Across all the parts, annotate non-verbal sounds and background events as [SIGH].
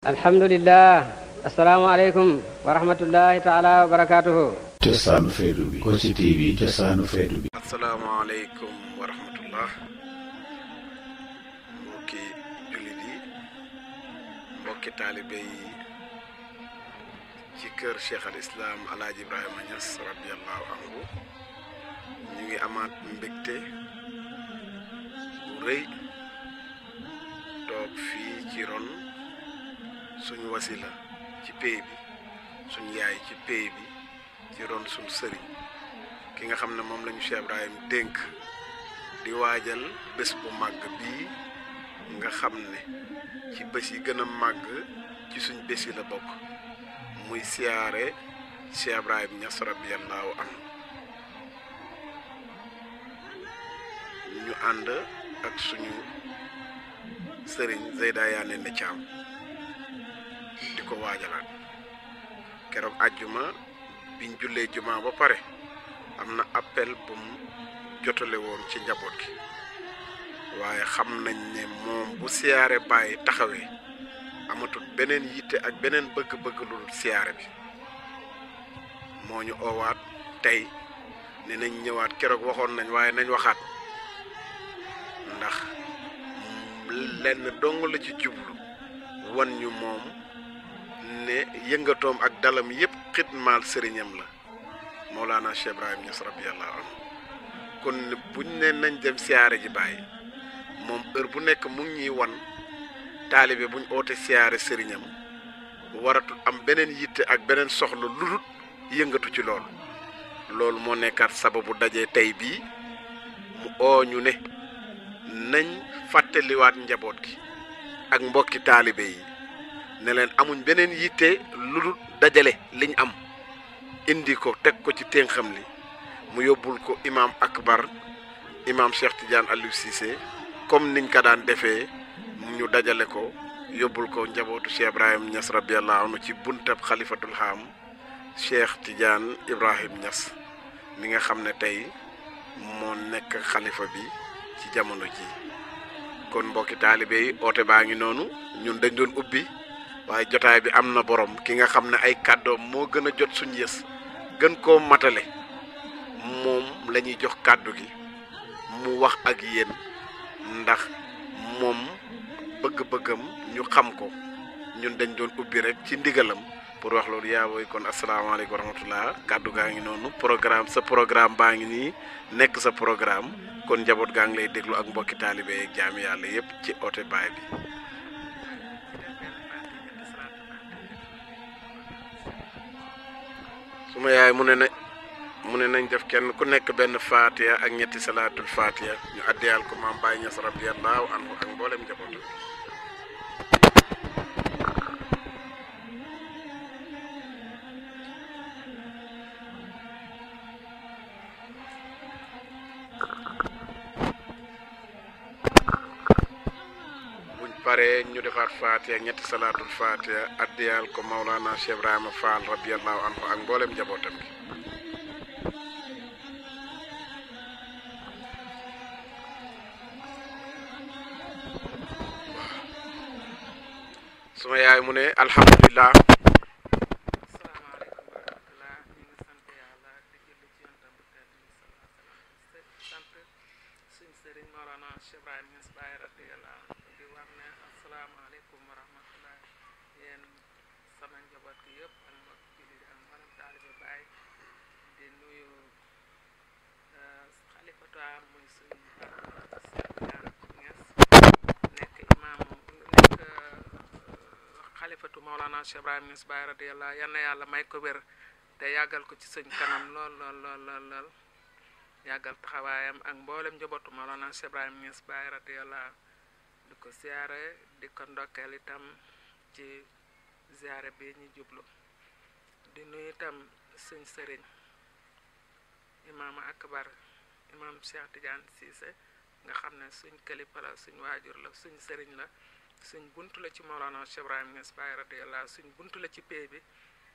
alhamdulilah asalaamaaleykum wa rahmatullahi taala wa barakaatuhu cosaanu feetu bi Kossy TV mbokki jullit ci kër cheikh al islam alaaji ibrahima ñas radiallahu anhu ñu ngi amaat mbégte rëy toog fii ci ron suñu wasila ci pay bi suñu yaay ci pay bi ci doon suñu sëriñ ki nga xam ne moom lañu ñu Cheikh Ibrahim dénk di waajal bés bu màgg bii nga xam ne ci bés yi gën a màgg ci suñu bés yi la bokk muy siyaare Cheikh Ibrahim Niass radiyallahu anhu ñu ànd ak suñu sëriñ Zeyda Yaane ne Caam ko waajalaat keroog àjjuma biñ jullee juma ba pare am na appel bu mu jotale woon ci njaboot gi waaye xam nañ ne moom bu siyaare bàyyi taxawee amatul beneen yitte ak beneen bëgg-bëgg siyaare bi moo ñu oowaat tey ne nañ ñëwaat keroog waxoon nañ waaye nañ waxaat ndax lenn dong la ci jublu wan ñu moom yëngatoom ak dalam yépp xidmaal sëriñam la Mawlana Cheikh kon buñ ne nañ dem siyaare ji bàyyi moom heure bu nekk mu ngi ñuy wan taalibe buñ oote siyaare sëriñam waratul am beneen yitte ak beneen soxla lu dul yëngatu ci lool loolu moo nekkaat sababu daje tey bii mu ooñu ne nañ fàttaliwaat njaboot gi ak mbokki taalibe yi ne leen amuñ beneen yitte lu dul dajale liñ am indi ko teg ko ci ténxam li mu yóbbul ko imaam akbar imaam Cheikh Tidiane Aliou Cissé comme niñ ko daan defee ñu dajale ko yóbbul ko njabootu Cheikh Ibrahim Niass radiyallahu anhu ci buntab xalifatul Cheikh Tidiane Ibrahim Niass mi nga xam ne tey moo nekk xalifa bi ci jamono ji kon mbokki taalibe yi oote baa ngi noonu ñun dañ doon ubbi waaye jotaay bi am na borom ki nga xam ne ay kàddoom moo gën a jot suñu yës gën koo matale moom lañuy jox kàddu gi mu wax ak yéen ndax moom bëgg-bëggam ñu xam ko ñun dañ doon ubbi rek ci ndigalam pour wax loolu yaa booy kon asalaamaaleykum wa rahmatullah kàddu gaa ngi noonu programme sa programme baa ngi nii nekk sa programme kon njaboot gaa ngi lay déglu ak mbokki taalibe yeeg jaami yàlla yépp ci oote baay bi suma yaay mu ne na mu ne nañ def kenn ku nekk benn faatiya ak ñetti salaatul faatiya ñu addiyal ko maam Baye Niass radiyallahu anhu ak mboolem njabootam pare ñu defaat faatiha ñetti salaatul faatiha addiyaal ko Maulana Cheikh Ibrahima Fall radiyallahu anhu ak mboolem njabootam gi suma yaay mu ne alhamdulilah imaam mooy nekk imaam nekk xalifatu Maolana Cheikh Ibrahim Niass Baye radiyallahu yal yàlla may ko wér te yàggal ko ci sëñ kanam lool lool lool lool yàggal taxawaayam ak mboolem njabootu Maolana Cheikh Ibrahim Niass Baye radiyallahu di ko siyaare di ko ndokkeel itam ci siyaare bi ñu jublu di nuyu itam sëñ sëriñ imaam akbar imam Cheikh Tidiane Cissé nga xam ne suñ këlipa la suñ waajur la suñ sëriñ la suñ bunt la ci Mawlana Cheikh Ibrahim Niass Baye suñ bunt la ci pay bi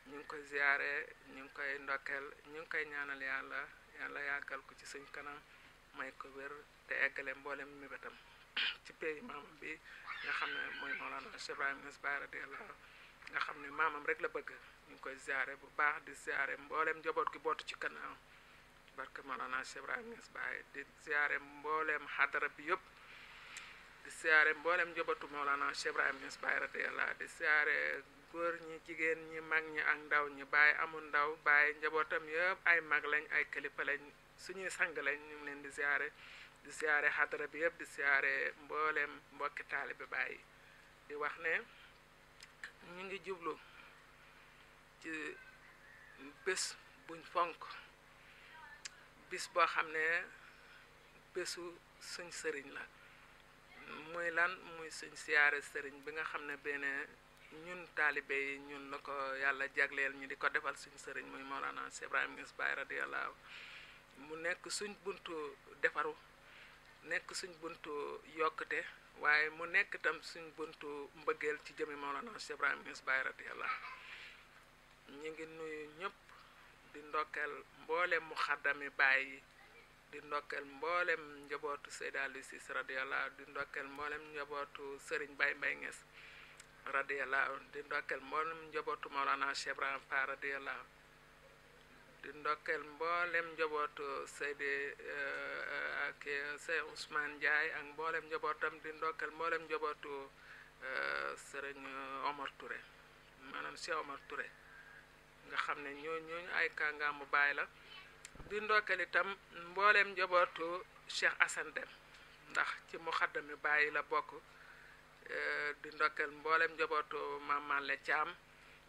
ñu ngi koy ziare ñu ngi koy ndokkeel ñu ngi koy ñaanal yàlla yàggal ko ci suñ kanam may ko wér te eggale mboolem mi batam [COUGHS] ci pay maamam bi nga xam ne mooy Mawlana Cheikh Ibrahim Niass Baye nga xam ne maamam rek la bëgg ñu ngi koy ziare bu baax di ziare mboolem njaboot gi bootu ci kanam barke Mawlana Cheikh Ibrahima Niass Baye di siyaare mbooleem xadara bi yëpp di siyaare mbooleem njobatu Mawlana Cheikh Ibrahima Niass Baye radiyallahu di siyaare góor ñi jigéen ñi mag ñi ak ndaw ñi Baye amul ndaw Baye njabootam yëpp ay mag lañ ay kilifa lañ suñuy sang lañ ñu leen di siyaare di siyaare xadara bi yëpp di siyaare mbooleem mbokki taalibe Baye di wax ne ñu ngi jublu ci bés buñ fonk bis boo xam ne bésu suñ sëriñ la muy lan muy suñ siyaare sëriñ bi nga xam ne benn ñun taalibe yi ñun la ko yàlla jagleel ñi di ko defal suñ sëriñ muy Mawlana Cheikh Ibrahim Niass Baye radiyallahu mu nekk suñ buntu defaru nekk suñ buntu yokkute waaye mu nekk itam suñ buntu mbëggeel ci jëmi Mawlana Cheikh Ibrahim Niass Baye radiyallahu ñu ngi nuyu ñëpp di ndokkeel mboolem muxaddami bayyi di ndokkel mboolem njabootu sayyid ali sis radiyallahu di ndokkel mboolem njabootu Serigne bay bay ngess radiyallahu di ndokkel mboolem njabootu Maulana Cheikh Ibrahim Fall radiyallahu di ndokkel mboolem njabootu sayyid euh ak Seydi Ousmane Ndiaye ak mboolem njabootam di ndokkel mboolem njabootu euh Serigne Omar Touré manam Cheikh Omar Touré nga xam ne ñoo ñooñu ay kàngaamu baay la di ndokkeel itam mbooleem njabootu Cheikh Assane Dem ndax ci mu xaddami baay la bokk euh, di ndokkeel mbooleem njabootu Mamale Thiam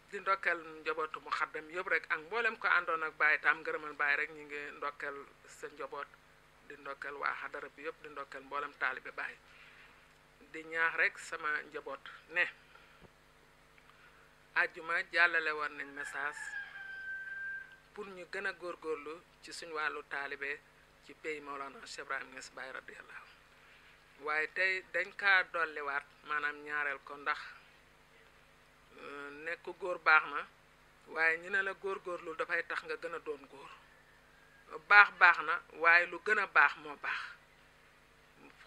di ndokkeel njabootu mu xaddam yëpp rek ak mboolem ko àndoon ak baay tam ngërëmal baay rek ñu ngi ndokkeel sa njoboot di ndokkeel waa xadara bi yëpp di ndokkeel mbooleem taalibe baay di ñaax rek sama njaboot ne àjjuma jàllale woon nañ message pour ñu gën a góorlu ci suñu wàllu taalibe ci pays Mawlana Cheikh Ibrahim Niass Baye radiyallahu waaye tey dañ kaa dolliwaat maanaam ñaareel ko ndax euh, nekk góor baax na waaye ñu ne la góor góorlu dafay tax nga gën a doon góor baax baax na waaye lu gën a baax moo baax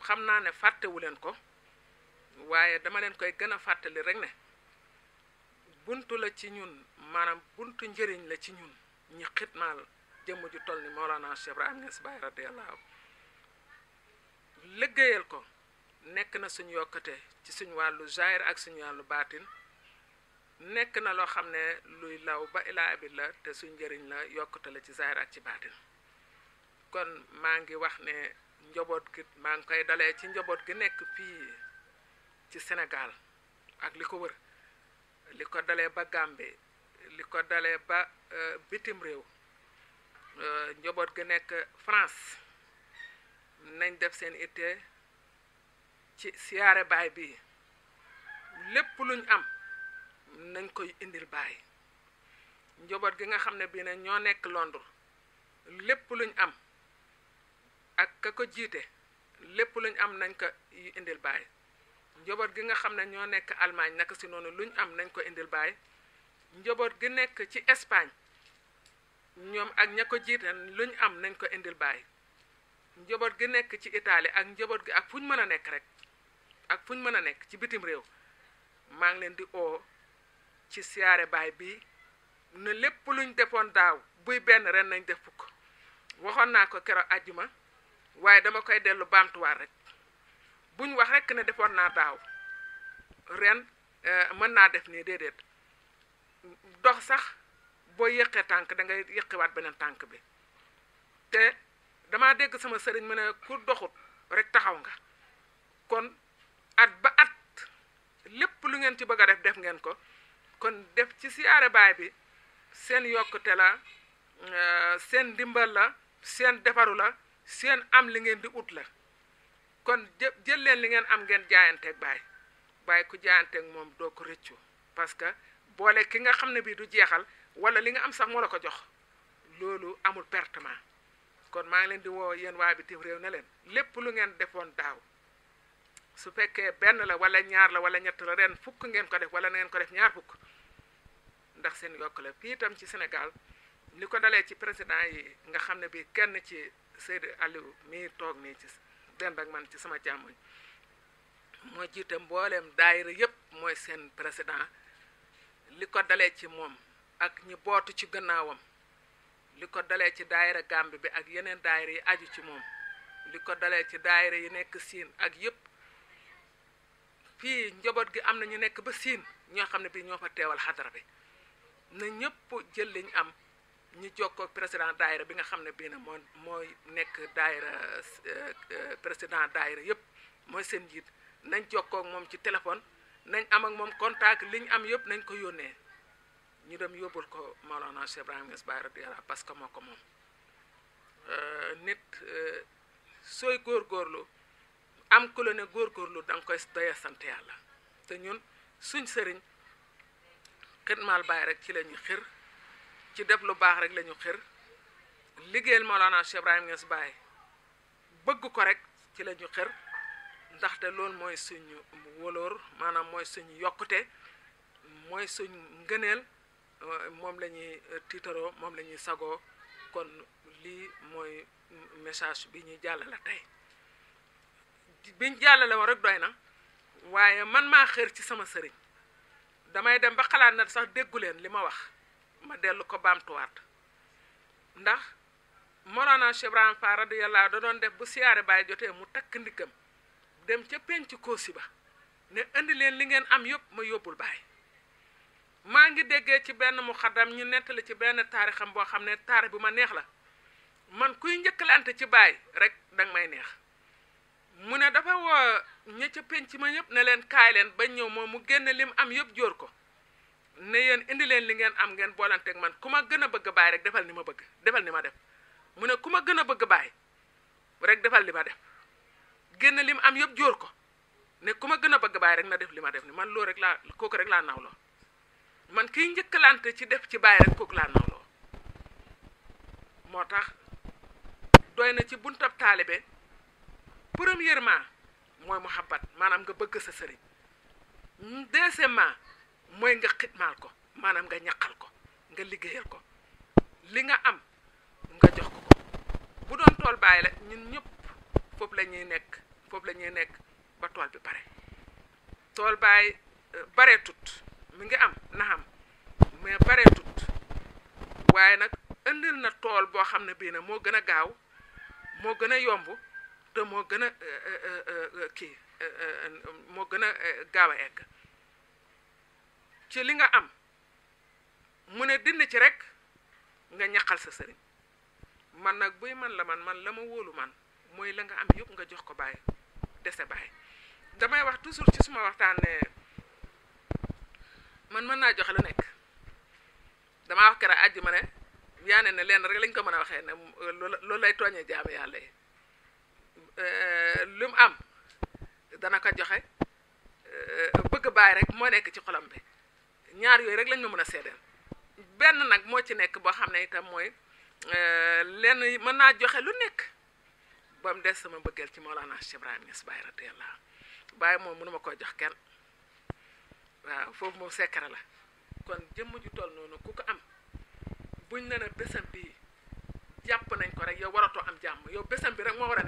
xam naa ne fàttewu leen ko waaye dama leen koy gën a fàttali rek ne buntu la ci ñun maanaam buntu njëriñ la ci ñun ñi xitmaal jëmm ju toll ni Mawlana Cheikh Ibrahim Niass Baye radiyallahu liggéeyal ko nekk na suñ yokkute ci suñ wàllu jaayir ak suñu wàllu baatin nekk na loo xam ne luy law ba ilaa abid la te suñ njëriñ la yokkate la ci jaayir ak ci baatin kon maa ngi wax ne njaboot gi maa ngi koy dalee ci njaboot gi nekk fii ci senegal ak li ko wër li ko dalee ba Gambie li ko dalee ba euh, bitim réew euh, njaboot gi nekk France nañ def seen itte ci siyaare baay bi lépp luñ am nañ koy indil baay njoboot gi nga xam ne bii ne ñoo nekk Londres lépp luñ am ak ka ko jiite lépp luñ am nañ ko indil baay njaboot gi nga xam ne ñoo nekk Allemagne naka si noonu lu ñu am nañ ko indil baay njaboot gi nekk ci Espagne ñoom ak ña ko jiite lu ñu am nañ ko indil baay njaboot gi nekk ci Italie ak njaboot gi ak fu ñu mën a nekk rek ak fu ñu mën a nekk ci bitim réew maa ngi leen di o ci siyaare baay bi ne lépp luñ defoon daaw buy benn ren nañ def fukk waxoon naa ko keroog àjjuma waaye dama koy dellu baamtuwaar rek. buñ wax rekk ne defoon naa daaw ren euh, mën naa def nii déedéet dox sax boo yëqee tànk dangay ngay beneen tànk bi te damaa dégg sama sëriñ mu ne ku doxut rek taxaw nga kon at ba at lépp lu ngeen ci bëgg a def def ngeen ko kon def ci siyaare baay bi seen yokkute la euh, seen ndimbal la seen defaru la seen am li ngeen di ut la kon jë jël leen li ngeen am ngeen jaayanteeg baay baay ku jaayanteeg moom doo ko rëccu parce que boole ki nga xam ne bii du jeexal wala li nga am sax moo la ko jox loolu amul pertement kon maa ngi leen di woo yéen waa bitim réew ne leen lépp lu ngeen defoon daaw su fekkee benn la wala ñaar la wala ñett la ren fukk ngeen ko def wala na ngeen ko def ñaar fukk ndax seen yokk la fii itam ci Sénégal ni ko dalee ci président yi nga xam ne bii kenn ci Seydou Aliou mii toog nii dend ak man ci sama jàmm moo jiite mbooleem daayira yépp mooy seen président li ko dalee ci moom ak ñi bootu ci gannaawam li ko dalee ci daayira Gàmbi bi ak yeneen daayira yi aju ci moom li ko dalee ci daayira yi nekk siin ak yépp fii njaboot gi am na ñu nekk ba siin ñoo xam ne bii ñoo fa teewal xadara bi na ñëpp jël liñ am ñu jokkoo ak président daayira bi nga xam ne bii na moo mooy nekk daayira euh, président daayira yëpp mooy seen njiit nañ jokkoo ak moom ci téléphone nañ am ak moom contact li ñu am yëpp nañ ko yónnee ñu dem yóbbul ko Maolana Cheikh Ibrahima Niass Baye parce que moo ko moom euh, nit euh, sooy góorgóorlu am ku la ne góorgóorlu da nga koy doya sant yàlla te ñun suñ sëriñ xidmaal Baye rek ci lañuy ñu xir ci def lu baax rek la ñu xër liggéeyal Mawlana Cheikh Ibrahim Niass Baye bëgg ko rek ci la ñu xër ndaxte loolu mooy suñu wóolóor maanaam mooy suñu yokkute mooy suñu ngëneel moom lañuy tiitaroo moom la ñuy sagoo kon lii mooy message bi ñuy jàllale tey biñ jàllale woon rek doy na waaye man maa xër ci sama sëriñ damay dem ba xalaat nag sax déggu leen li ma wax ma dellu ko baamtuwaat ndax Mawlana Cheikh Ibrahima Fall radiyallahu da doon def bu siyaare baay jotee mu takk ndiggam dem ca penc koosi ba ne indi leen li ngeen am yëpp ma yóbbul baay maa ngi déggee ci benn mu xaddam ñu nettali ci benn taarixam boo xam ne taarix bi ma neex la man kuy njëkkalante ci baay rek danga may neex mu ne dafa woo ña ca penc ma ñëpp ne leen kaay ba ñëw moom mu génn lim am yëpp jóor ko ne yéen indi leen li ngeen am ngeen boolanteeg man ku ma gën a bëgg baay rek defal ni ma bëgg defal ni ma def mu ne ku ma gën a bëgg baay rek defal li ma def génn li mu am yëpp jóor ko ne ku ma gën a bëgg baay rek na def li ma def ni man loo rek laa kooku rek laa nawloo man njëkk njëkkalante ci def ci baay rek kooku laa nawloo moo tax doy na ci buntab taalibe premièrement mooy muhabbat maanaam nga bëgg sa sëriñ deuxièmement mooy nga xitmaal ko maanaam nga ñaqal ko nga liggéeyal ko li nga am nga jox ko bu doon tool bàyyi la ñun ñëpp foofu la ñuy nekk foofu la ñuy nekk ba tool bi pare tool bàyyi euh, bare tut mi ngi am na am mais bare tut waaye nag indil na tool boo xam ne bii na moo gën a gaaw moo gën a yomb te moo gën a euh, euh, kii moo gën a gaaw a egg ci li nga am mu ne dind ci rek nga ñaqal sa sëriñ man nag buy man la man man la ma wóolu man mooy la nga am yëpp nga jox ko bàyyi dese bàyyi damay wax toujours ci suma waxtaan ne man mën naa joxe lu nekk dama wax keroog àjji ma ne yaa ne ne lenn rek lañ ko mën a waxee ne loolu lay tooñee jaamu yàlla yi euh, lu mu am dana ko joxe euh, bëgg bàyyi rek moo nekk ci xolam bi ñaar yooyu rek lañ ma mën a seedeel benn nag moo ci nekk boo xam ne itam mooy euh, lenn mën naa joxe lu nekk ba des sama bëggeel ci Mawlana Cheikh Ibrahima Niass Baye radiyallahu Baye moom koo jox kenn waaw foofu moom sekkare la kon jëmm ju toll noonu ku ko am buñ ne na bésam bi jàpp nañ ko rek yow waratoo am jàmm yow bésam bi rek moo war a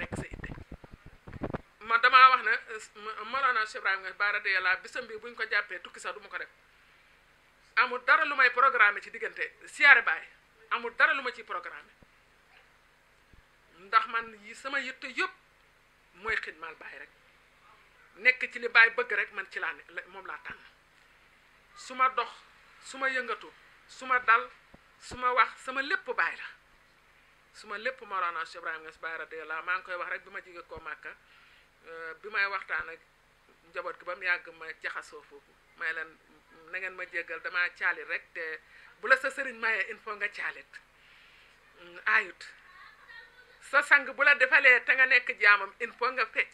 damaa wax ne euh, Mawlana Cheikh Ibrahima Niass Baye radiyallahu bésam bi buñ ko jàppee tukki sax du ma ko def amu dara lu may programme ci digënté siyaare bay amu dara lu ci programme ndax man yi sama yitté yépp moy xidmal bay rek nek ci li bay bëgg rek man ci la nek mom la tan suma dox suma yëngatu suma dal suma wax sama lepp bay la suma lepp marana cheikh ibrahim ngass bay Baye radiyallahu ma ngi koy wax rek bima jige koo màkka euh, waxtaan ak njabot ko bam yag ma jaxaso fofu may len na ngeen ma jéggal damaa caalit rek te bu la sa sëriñ mayee il faut nga caalit mm, ayut sa sang bu la defalee te nga nekk jaamam il faut nga fecc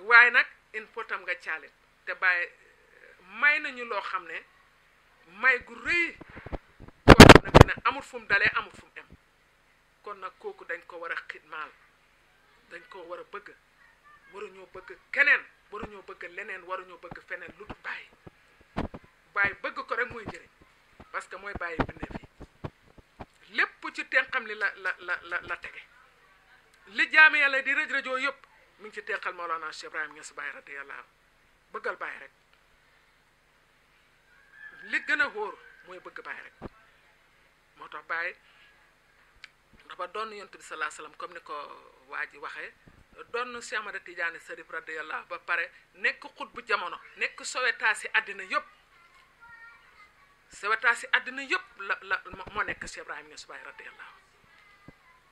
waaye nag il faut tam nga caalit te bàyyi may nañu loo xam ne may gu rëy koo xam amul fu mu dalee amul fum mu kon nag kooku dañ ko war a xidmaal dañ ko war a bëgg waruñoo bëgg keneen waruñoo bëgg leneen waruñoo bëgg feneen lu du bàyyi waaye bëgg ko rek mooy njëriñ parce que mooy bàyyi bindeef yi lépp ci tenqam li la la la la la tege li jaami yàlla di rëj rëjoo yëpp mi ngi ci tenqal Mawlana Cheikh Ibrahima Niass Baye radiyallahu bëggal bàyyi rek li gën a wóor mooy bëgg bàyyi rek moo tax bàyyi dafa doon yontu bi salaa salaam comme ni ko waa ji waxee doon Cheikh Ahmada Tidiane Sarif radiyallahu ba pare nekk xut bu jamono nekk sowetaasi àddina yëpp sewetaas si àddina yëpp la la moo nekk Cheikh Ibrahima Niass Baye radiyallahu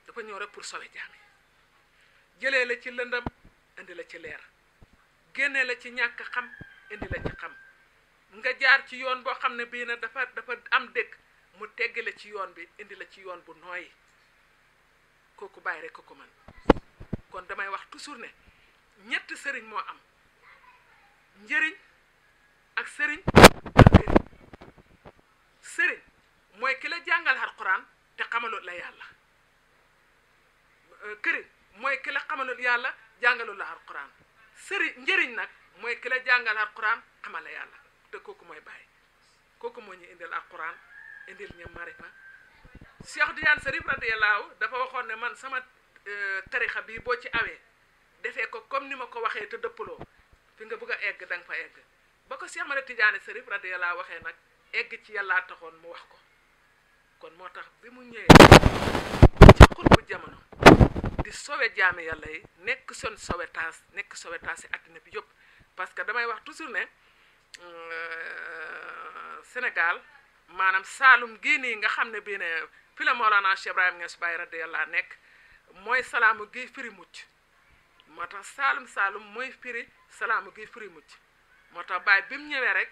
dafa ñëw pour sauver jaam jëlee la ci lëndam indi la ci leer génnee la ci ñàkk xam indi la ci xam nga jaar ci yoon boo xam ne bii na dafa dafa am dëkk mu tegg ci yoon bi indi la ci yoon bu nooy kooku bàyyi rekk ko man kon damay wax toujours ne ñett sëriñ moo am njëriñ ak sëriñ sëriñ mooy ki la jàngal alquran te xamalul la yàlla euh, këriñ mooy kila la xamalul yàlla jàngalul la alquran sëriñ njëriñ nag mooy ki la jàngal alquran xamal la yàlla te kooku mooy bàyyi kooku moo ñu indil alquran indil ñu marifa Cheikh Tidiane Chérif radiyallahu dafa waxoon ne man sama euh, tarixa bii boo ci awee defee ko comme ni ma ko waxee te dëppaloo fi nga bëgg egg da nga fa egg ba ko Cheikh Mara Tidiane Chérif radiyallahu waxee nag egg ci yàllaa taxoon mu wax ko kon moo tax bi mu ñëwee ci xutbu jamono di sowe jaame yàlla yi nekk seen sowe taas nekk sowe taas yi àddina bi yëpp parce que damay wax toujours ne euh, Sénégal maanaam Saalum gii nii nga xam ne bi ne fi la Mawlana Cheikh Ibrahima Niass Baye radiyallahu nekk mooy salaamu gii firi mucc moo tax Saalum Saalum mooy firi salaamu gii firi mucc moo tax Baye bi mu ñëwee rek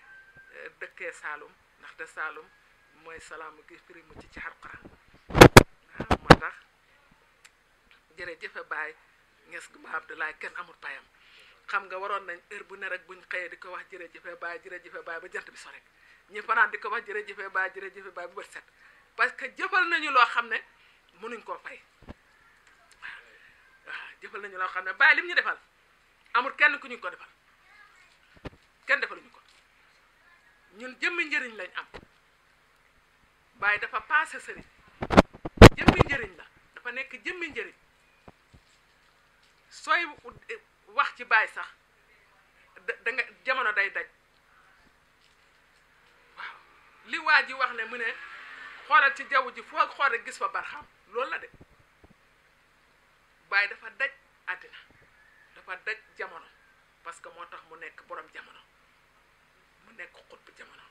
dëkkee Saalum ndaxte Saalum mooy salaamu gi firi mu ci ci Alxuraan waaw moo tax jërëjëfe Baay Ñas gu ma Abdoulaye kenn amul payam xam nga waroon nañ heure bu ne rek buñ xëyee di ko wax jërëjëfe Baay jërëjëfe Baay ba jant bi so rek ñu fanaan di ko wax jërëjëfe Baay jërëjëfe Baay bu bët set parce que jëfal nañu loo xam ne mënuñ koo fay waaw waaw jëfal nañu loo xam ne Baay lim ñu defal amul kenn ku ñu ko defal kenn defaluñu ko ñun jëmmi njëriñ lañ am waaye dafa paase sëriñ jëmmi njëriñ la dafa nekk jëmmi njëriñ sooy wax ci baay sax da nga jamono day daj waaw li waa ji wax ne mu ne xoolal ci jaww ji foo xool gis fa barxam loolu la de baay dafa daj àddina dafa daj jamono parce que moo tax mu nekk boroom jamono nekk xut bu jamono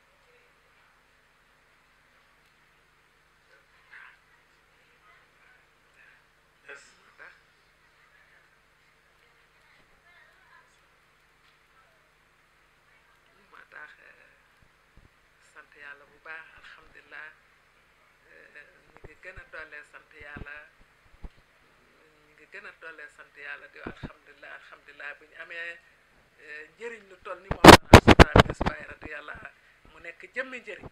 moo tax eh, sant yàlla bu baax alhamdulilah eh, ñu ngi gën a doolee sant yàlla ñu ngi gën a doolee sant yàlla di alhamdulilah alhamdulilah bi ñu amee eh, njëriñ lu tol ni moom jëmmi njëriñ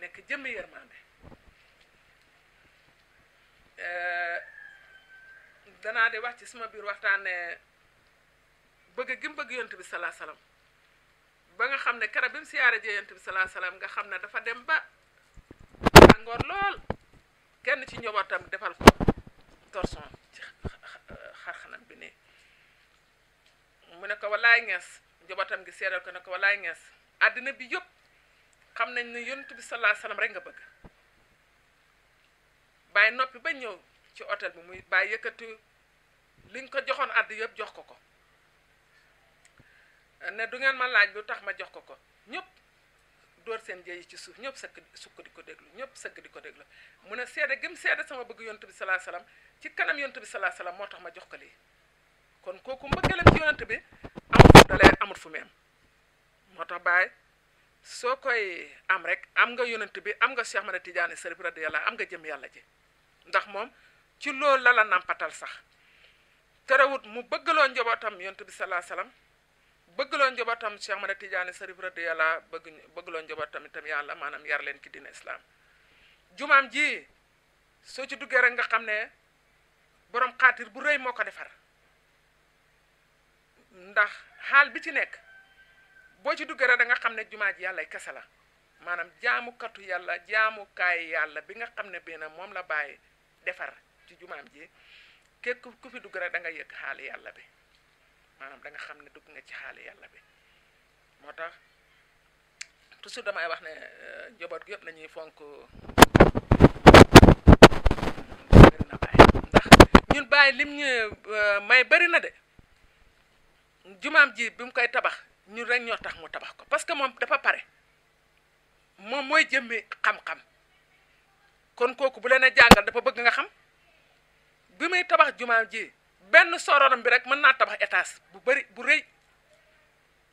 nekk eh, danaa de wax ci suma biir waxtaan ne bëgg gi mu bëgg yonent bi salaa salaam ba nga xam ne kara bi mu siyaare jee yonent bi salaa nga xam ne dafa dem ba tàngoor lool kenn ci njobootam defal ko torsion ci xarxanam bi ne mu ne ko walaay ngees njobootam gi seedal ko ne ko walaay ngees àddina bi yëpp xam nañ ne yonent bi sallallahu alayhi rek nga bëgg bàyyi noppi ba ñëw ci otel bi muy bàyyi yëkkati liñ ko joxoon àdd yëpp jox ko ko ne du ngeen ma laaj lu tax ma jox ko ko ñëpp dóor seen jëy yi ci suuf ñëpp sëkk sukk di ko déglu ñëpp sëkk di ko déglu mu ne seede gëm seede sama bëgg yonent bi sallallahu alayhi ci kanam yonent bi sallallahu alayhi moo tax ma jox ko lii kon kooku mbëggeelam ci yonent bi amul fu dalee amul moo tax bàyyi soo koy am rek am nga yonent bi am nga Cheikh Ahmada Tidiane Cherif radiyallahu am nga jëm yàlla ji ndax moom ci loolu la la nampatal sax terewut mu bëgg bëggaloo njabootam yonent bi salaa salaam bëggaloo njabootam Cheikh Ahmada Tidiane Cherif radiyallahu bëgg bëggaloo njabootam itam yàlla maanam yar leen ki diine islam jumaam ji soo ci duggee rek nga xam ne boroom xaatir bu rëy moo ko defar ndax xaal bi ci nekk. boo ci duggee rek da nga xam ne jumaa ji yàlla kese la maanaam jaamukatu yàlla jaamukaay yàlla bi nga xam ne benn moom la bàyyi defar ci jumaam ji képp ku fi dugg rek da nga yëg xaali yàlla bi maanaam da nga xam ne dugg nga ci xaali yàlla bi moo tax toujours damay wax ne euh, njaboot gi yëpp nañuy fonk bëri na bàyyi ndax ñun bàyyi lim ñu euh, may bëri na de jumaam ji bi mu koy tabax ñu rek ñoo tax mu tabax ko parce que moom dafa pare moom mooy jëmmi xam-xam kon kooku bu leen a jàngal dafa bëgg nga xam bi muy tabax jumaa ji benn soronam bi rek mën naa tabax étage bu bëri bu rëy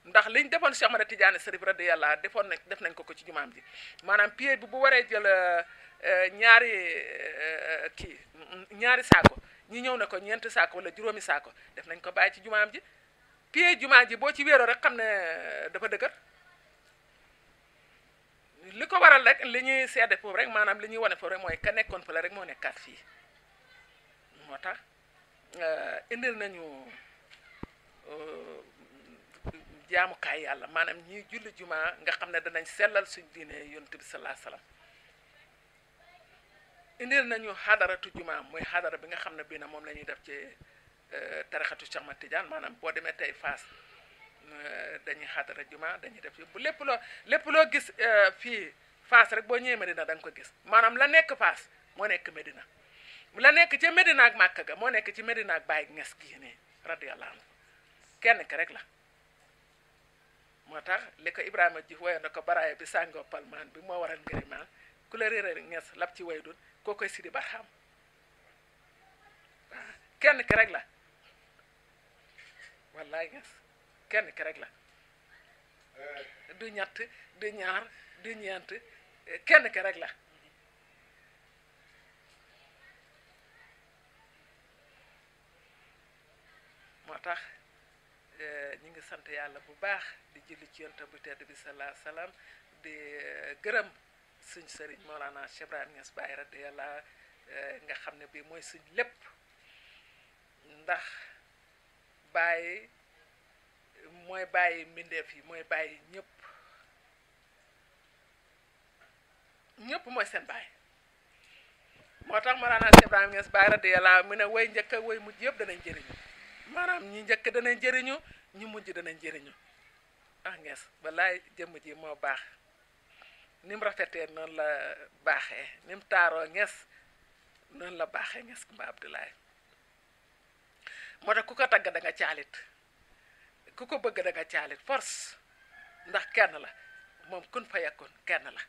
ndax liñ defoon Cheikh Ahmada Tidiane de radiyallahu defoon nañ def nañ ko ko ci jumaam ji maanaam pied bi bu waree jël euh, euh, ñaari euh, kii ñaari saako ñi ñëw ne ko ñeenti saako wala juróomi saako def nañ ko bàyyi ci jumaam ji pied jumaa ji boo ci wéeroo rek xam ne euh, dafa dëgër li ko waral rek li ñuy seede foofu rek maanaam li ñuy wane foofu rek mooy ka nekkoon fa la rek moo nekkaat fii moo tax euh, indil nañu euh, jaamukaay yàlla maanaam ñiy julli jumaa nga xam ne danañ sellal suñ diine yonent bi salaa salaam indil nañu xadaratu jumaa mooy xadara bi nga xam ne bii na moom lañuy def ci tarakhatu cheikh mat tidiane manam bo demé tay fas dañuy xatara juma dañuy def yëpp lepp lo lepp lo gis fi fas rek bo ñëwee medina dang ko gis manam la nek fas mo nek medina la nek ci medina ak makka ga mo nek ci medina ak baye ngess gi ne radiallahu anhu kenn ki rek la moo tax ko ibrahima ji woye nako ko bi sàngoo palmaan bi mo waral ngërimaan ku la réeréer ngess lab ci waydun koo koy sidi barham kenn ki rek la walla gis kenn ki rek la du ñett du ñaar du ñeent kenn ki rek la moo tax euh, ñu ngi sant yàlla bu baax di julli ci yonent bu tedd bi salaa salaam di euh, gërëm suñ sëriñ Mawlana Cheikh Ibrahima Niass Baye radiyallahu euh, nga xam ne bii mooy suñ lépp ndax bàyyi mooy bàyyi mbindeef yi mooy bàyyi ñëpp ñëpp mooy seen bàyyi moo tax maanaam Cheikh Ibrahima Niass Baye radiyallahu mu ne woy njëkk woy mujj yëpp danañ jëriñu maanaam ñi njëkk danañ jëriñu ñi mujj danañ njëriñu ah Niass balaay jëmm ji moo baax ni mu rafetee noonu la baaxe ni mu taaroo Niass noonu la baaxee Niass Kumba Abdoulaye moo tax ku ko tagg da nga caalit ku ko bëgg da nga caalit force ndax kenn la moom kun fa yakun kenn la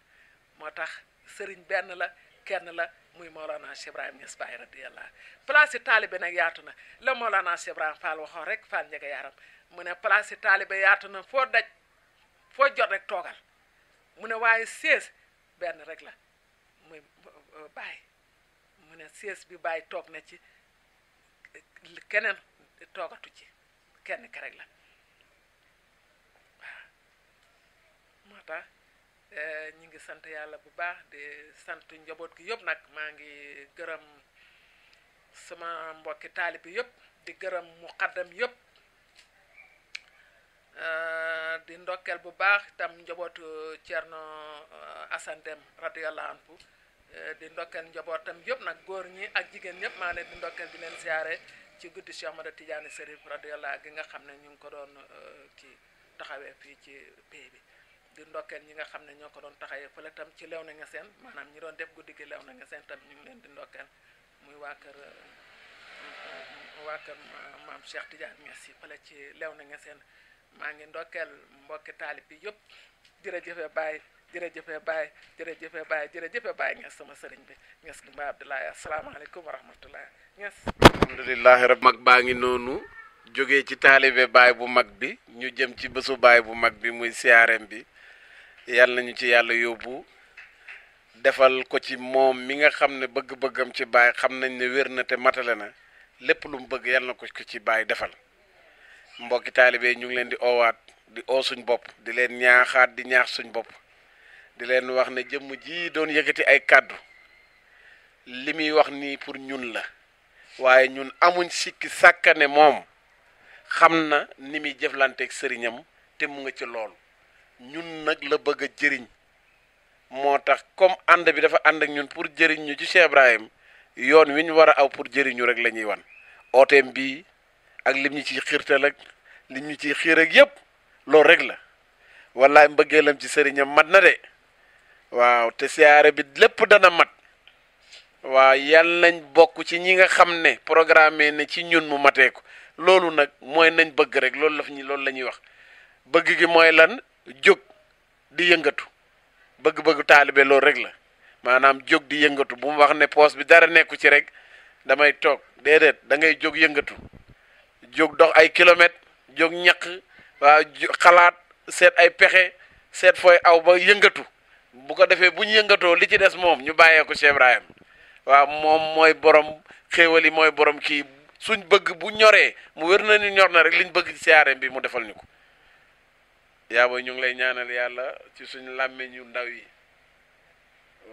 moo tax sëriñ benn la kenn la muy Mawlana Cheikh Ibrahim Niass Baye radiyallahu place yi nag yaatu na la Mawlana Cheikh Ibrahim Fall waxoon rek Fall njëga yaram mu ne place yi taalibe yaatu foo daj foo jot rek toogal mu ne waaye benn rek la muy euh, Baye mu ne sées bi Baye toog na ci keneen toogatu ci kenn ki rek la waaw moo tax eh, ñi ngi sant yàlla bu baax di sant njaboot gi yépp nag maa ngi gërëm sama mbokki taalibi yépp di gërëm muqaddam yëpp eh, di ndokkeel bu baax tam njabootu Thierno eh, Assane Deme radiyallahu anhu di ndokkeel njabootam yëpp nag góor ñi ak jigéen ñëpp maa leen di ndokkeel di leen siyaare ci guddi Cheikh Ahmada Tidiane Chérif radiyallahu gi nga xam ne ñu ngi ko doon euh, kii taxawee fii ci pays bi di ndokkeel ñi nga xam ne ñoo ko doon taxawee fële tam ci lew na nga seen maanaam ñi doon def guddi gi lew na nga seen tam ñu ngi leen di ndokkeel muy waa kër euh, waa kër maam Cheikh Tidiane Niass yi fële ci lew na nga seen maa ngi ndokkeel mbokki taalib bi yëpp jërëjëfe Baye jërëjëfe Baye jërëjëfe Baye jërëjëfe Baye Niass sama sëriñ bi Niass Gumba Abdoulaye asalaamaaleykum wa rahmatulah Niass. alhamdulilah rab mag baa ngi noonu jógee ci taalibe baay bu mag bi ñu jëm ci bésu baay bu mag bi muy siyaarem bi yàlla nañu ci yàlla yóbbu defal ko ci moom mi nga xam ne bëgg-bëggam ci baay xam nañ ne wér na te matale na lépp lu bëgg yàlla na ko ci baay defal mbokki taalibe ñu ngi leen di oowaat di oo suñ bopp di leen ñaaxaat di ñaax suñ bopp. di leen wax ne jëmm ji doon yëkkati ay kàddu li muy wax nii pour ñun la waaye ñun amuñ sikki sàkkane moom xam na ni muy jëflanteeg sëriñam te mu nga ci lool ñun nag la bëgg jëriñ moo tax comme ànd bi dafa ànd ak ñun pour jëriñ ci Cheikh Ibrahim yoon wi ñu war a aw pour jëriñu rek la ñuy wan ooteem bii ak lim ñu ciy xiirtal ak lim ñu ciy xiir ak yépp loolu rek la wallaay mbëggeelam ci sëriñam mat na de waaw te siyaare bi lépp dana mat waa yal nañ bokk ci ñi nga xam ne programme na ci ñun mu matee ko loolu nag mooy nañ bëgg rek loolu laf ñu loolu lañuy wax bëgg gi mooy lan jóg di yëngatu bëgg-bëgg taalibe loolu rek la maanaam jóg di yëngatu bu mu wax ne poose bi dara nekku ci rek damay toog déedéet da ngay jóg yëngatu jóg dox ay kilomètres jóg ñaq waa xalaat seet ay pexe seet fooy aw ba yëngatu bu ko defee bu ñu yëngatoo li ci des moom ñu mom ko Cheikh Ibrahim waaw moom mooy borom xéewal yi borom kii suñ bëgg bu ñoree mu wér na ñu ñor na rek liñ bëgg ci CRM bi mu defal ñu ko yaa booy ñu ngi lay ñaanal yàlla ci suñ ñu ndaw yi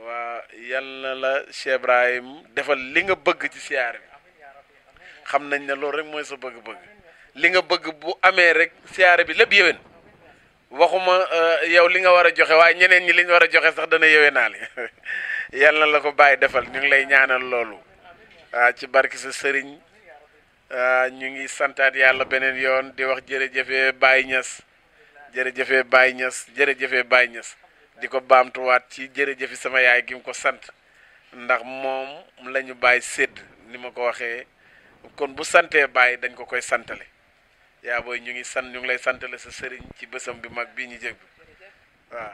waa yàlla la Cheikh Ibrahim defal li nga bëgg ci CRM xam nañ ne loolu rek mooy sa bëgg-bëgg li nga bëgg bu amee rek CRM bi lépp waxuma euh, yow li nga war a joxe waaye ñeneen ñi li ñu war a joxe sax dana yewee naa li [LAUGHS] yàlla na la ko bàyyi defal ñu ngi lay ñaanal loolu waaw ci barki sa sëriñ ñu ngi santaat yàlla beneen yoon di wax jërëjëfee Baye Niass jërëjëfee Baye Niass jërëjëfee Baye di ko baamtuwaat ci jërëjëfi sama yaay gi mu ko sant ndax moom la ñu bàyyi sedd ni ma ko waxee kon bu santee Baye dañ ko koy santale yaa booy ñu ngi san ñu ngi lay santale sa sëriñ ci bésam bi mag bii ñu jég bi waaw